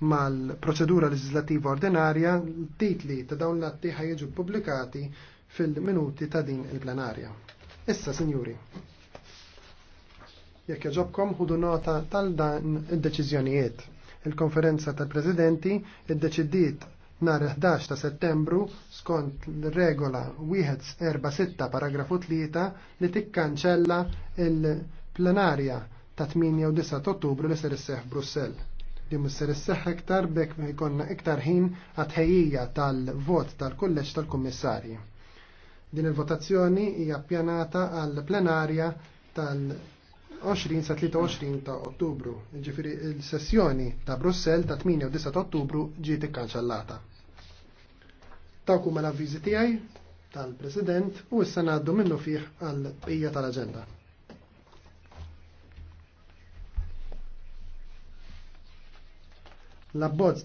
mal-proċedura legislativa ordinarja, titli ta' dawn l-atti ħajġu publikati fil-minuti ta' din il-plenarja. Issa, sinjuri, jekk jaġobkom ħudu nota tal-dan id-deċiżjonijiet. Il-konferenza tal-Presidenti id-deċidiet nar 11 ta' settembru skont regola 146 paragrafu 3 li tikkanċella il-plenarja ta' 8 u 9 ottubru li ser isseħ Brussel li musser s-seħ iktar bekk jkonna iktar ħin għatħejjija tal-vot tal-kulleġ tal-kummissarji. Din il-votazzjoni hija pjanata għal plenarja tal-20 sa 23 ta' Ottubru, ġifiri il-sessjoni ta' Brussel ta' 8 u ta' Ottubru ġiet ikkanċellata. Dawk huma l-avviżi tiegħi tal-President u issa ngħaddu minnu fih għal bqija tal-aġenda. L-abbozz